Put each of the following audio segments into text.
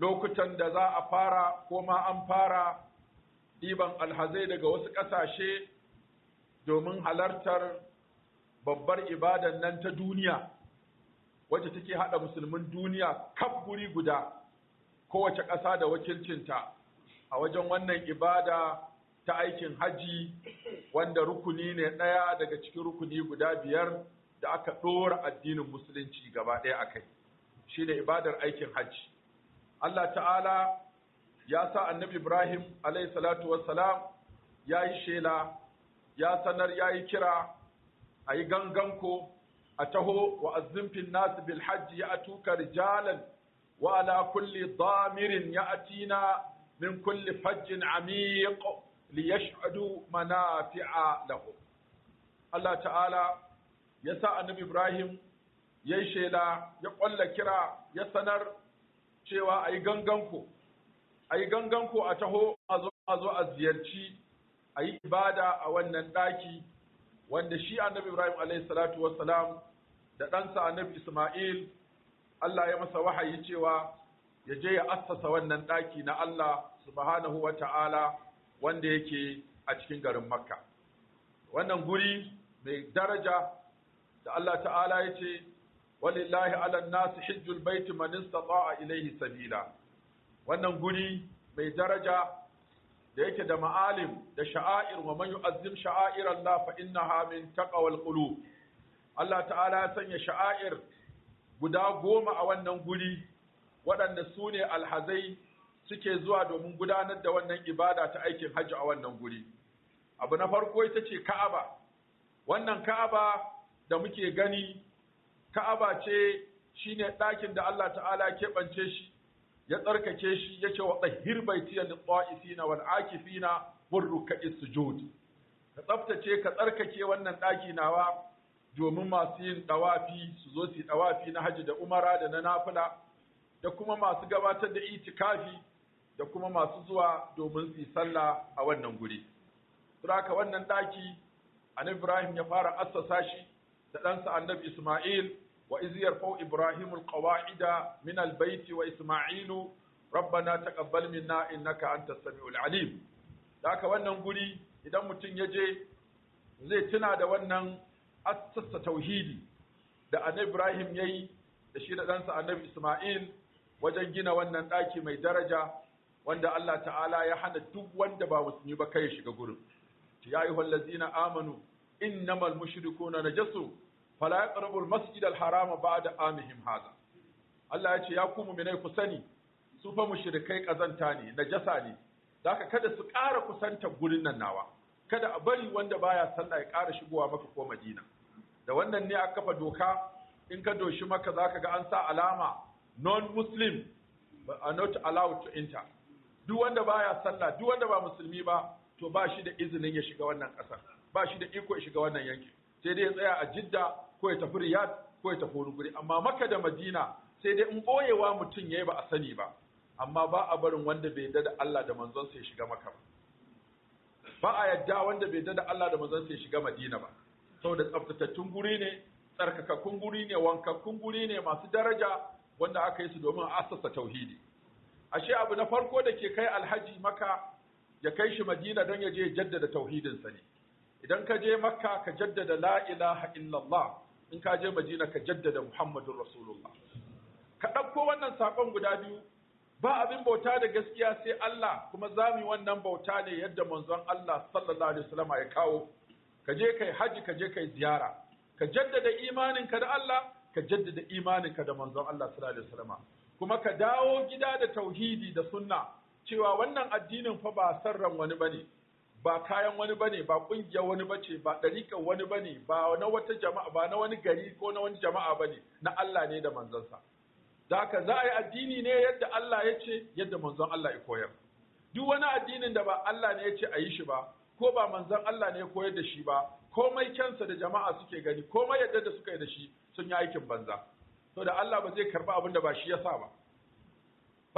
lokutan da za a fara ko ma an fara ɗiban alhazai daga wasu ƙasashe domin halartar babbar ibadan nan ta duniya wacce take haɗa musulmin duniya kaf guri guda kowace ƙasa da wakilcinta a wajen wannan ibada ta aikin haji, wanda rukuni ne ɗaya daga cikin rukuni guda biyar da aka ɗora addinin musulunci gaba ɗaya a kai shi ne ibadar aikin haji. Allah ta'ala ya sa annabi Ibrahim alayhi salatu wassalam ya yi shela ya sanar ya yi kira a yi ganganko a taho wa azzimfin nasu bil hajji ya atuka rijalan wa ala kulli damirin ya atina min kulli fajjin amiq li yashhadu manafi'a lahum Allah ta'ala ya sa annabi Ibrahim ya yi shela ya ƙwalla kira ya sanar cewa a yi ganganko a yi ganganko a taho a zo a ziyarci a yi ibada a wannan ɗaki wanda shi annabi ibrahim alaihi salatu da ɗansa annabi isma'il allah ya masa wahayi cewa ya je ya assasa wannan ɗaki na allah subhanahu wa ta'ala wanda yake a cikin garin makka wannan guri mai daraja da allah ta'ala ya ce walillahi ala nas hajjul bait man istata'a ilayhi sabila wannan guri mai daraja da yake da ma'alim da sha'air wa man yu'azzim sha'air Allah fa innaha min taqwal qulub Allah ta'ala ya sanya sha'air guda goma a wannan guri waɗanda su ne alhazai suke zuwa domin gudanar da wannan ibada ta aikin hajji a wannan guri abu na farko ita ce ka'aba wannan ka'aba da muke gani ka'aba ce shine ɗakin da Allah ta'ala keɓance shi ya tsarkake shi ya ce wa ɗahir baitiya Wani ta'ifina wal akifina wal ruka'is sujud ka tsaftace ka tsarkake wannan ɗaki nawa domin masu yin ɗawafi su zo su yi ɗawafi na haji da umara da na nafila da kuma masu gabatar da itikafi da kuma masu zuwa domin su sallah a wannan guri. Suraka wannan ɗaki, an Ibrahim ya fara assasa shi da ɗansa annabi Ismail wa iz yarfau Ibrahim alqawaida min albaiti wa Ismailu rabbana taqabbal minna innaka antas samiul alim haka wannan guri idan mutum ya je zai tuna da wannan assasa tauhidi da annabi Ibrahim yayi da shi da ɗansa annabi Ismail wajen gina wannan ɗaki mai daraja wanda Allah ta'ala ya hana duk wanda ba musulmi ba kai shiga gurin ya ayyuhallazina amanu innamal mushrikuna najasu fala yaqrabu al-masjid al-harama ba'da amihim hada Allah ya ce ya ku mu'minai ku sani su fa mushrikai kazanta ne najasa ne zaka kada su ƙara kusantar gurin nan nawa kada a bari wanda baya sallah ya ƙara shigowa maka ko Madina da wannan ne aka kafa doka in ka doshi maka zaka ga an sa alama non-muslim are not allowed to enter duk wanda baya sallah duk wanda ba musulmi ba to bashi da izinin ya shiga wannan ƙasar ba shi da iko ya shiga wannan yankin sai dai ya tsaya a jidda ko ya tafi riyad ko ya tafi wani guri amma maka da madina sai dai in boyewa mutum ya yi ba a sani ba amma ba a barin wanda bai yarda da Allah da manzonsa ya shiga maka ba a yadda wanda bai yarda da Allah da manzonsa ya shiga madina ba saboda tsaftatattun guri ne tsarkakakkun guri ne wankakkun guri ne masu daraja wanda aka yi su domin asasa tauhidi ashe abu na farko da ke kai alhaji maka ya kai shi madina don ya je jaddada tauhidinsa ne idan ka je makka ka jaddada la ilaha illallah in ka je madina ka jaddada muhammadun rasulullah ka ɗauko wannan saƙon guda biyu ba abin bauta da gaskiya sai Allah kuma za mu wannan bauta ne yadda manzon Allah sallallahu alaihi wasallam ya kawo ka je kai haji ka je kai ziyara ka jaddada imanin ka da Allah ka jaddada ka da manzon Allah sallallahu alaihi wasallam kuma ka dawo gida da tauhidi da sunna cewa wannan addinin fa ba sarran wani bane ba kayan wani bane ba kungiyar wani bace ba ɗariƙar wani bane ba na wata jama'a ba na wani gari ko na wani jama'a bane na Allah ne da manzansa da haka za a yi addini ne yadda Allah ya ce yadda manzon Allah ya koyar duk wani addinin da ba Allah ne ya ce a yi shi ba ko ba manzon Allah ne ya koyar da shi ba komai kyansa da jama'a suke gani komai yadda da suka yi da shi sun yi aikin banza to da Allah ba zai karba abin da ba shi ya sa ba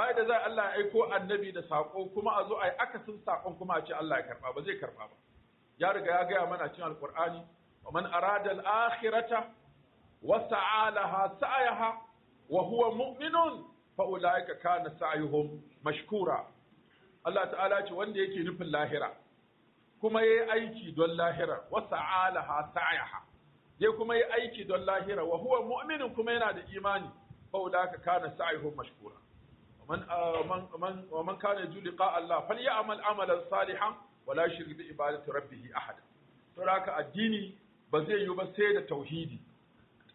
ba da za Allah ya aiko annabi da sako kuma a zo a yi akasin sakon kuma a ce Allah ya karba ba zai karba ba ya riga ya gaya mana cikin alqur'ani wa man arada al-akhirata wa sa'alaha sa'ayaha wa huwa mu'minun fa ulaika kana sa'yuhum mashkura Allah ta'ala ce wanda yake nufin lahira kuma yayi aiki don lahira wa sa'alaha sa'ayaha ya kuma yi aiki don lahira wa huwa mu'minun kuma yana da imani fa ulaika kana sa'yuhum mashkura man man man kana julqa Allah falyamal amalan salihan wala yushrik bi ibadati rabbih ahad to haka addini ba zai yi ba sai da tauhidi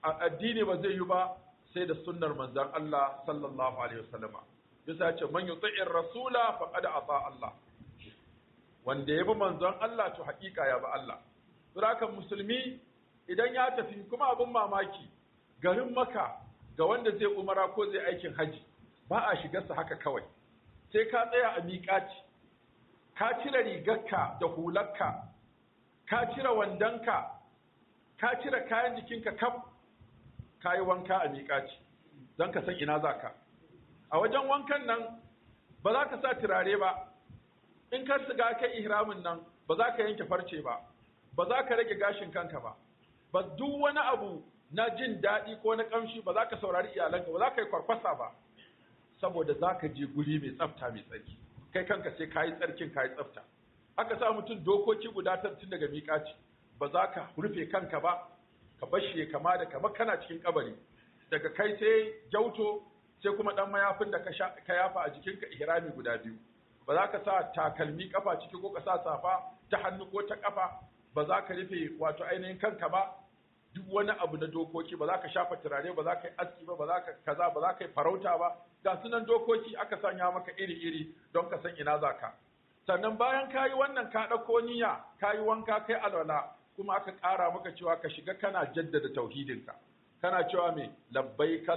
addini ba zai yi ba sai da sunnar manzon Allah sallallahu alaihi wasallama bisa ce man yuti'ir rasula faqad ata Allah wanda ya bi manzan Allah to haƙiƙa ya bi Allah. Surakan musulmi idan ya tafi kuma abin mamaki garin maka ga wanda zai umara ko zai aikin hajji. ba a shigarsa haka kawai sai ka tsaya a miƙaci ka cire rigarka da hularka ka cire wandonka ka cire kayan jikinka kaf ka yi wanka a miƙaci don ka san ina za ka a wajen wankan nan ba za ka sa turare ba in ka shiga kai ihramin nan ba za ka yanke farce ba ba za ka rage gashin kanka ba ba duk wani abu na jin daɗi ko na ƙamshi ba za ka saurari iyalanka ba za ka yi kwarkwasa ba saboda za ka je guri mai tsafta mai tsarki kai kanka sai ka yi tsarkin ka yi tsafta aka sa mutum dokoki guda tun daga miƙaci ba za ka rufe kanka ba ka bashe kama da kama kana cikin kabari daga kai sai gyauto sai kuma dan mayafin da ka yafa a jikin ka ihrami guda biyu ba za ka sa takalmi kafa ciki ko ka sa safa ta hannu ko ta kafa ba za ka rufe wato ainihin kanka ba duk wani abu na dokoki ba za ka shafa turare ba za ka yi aski ba ba za ka kaza ba za ka yi farauta ba ga sunan dokoki aka sanya maka iri-iri don ka san ina za ka sannan bayan ka yi wannan ka ɗauko niyya ka yi wanka kai alwala kuma aka ƙara maka cewa ka shiga kana jaddada tauhidinka kana cewa me labbaik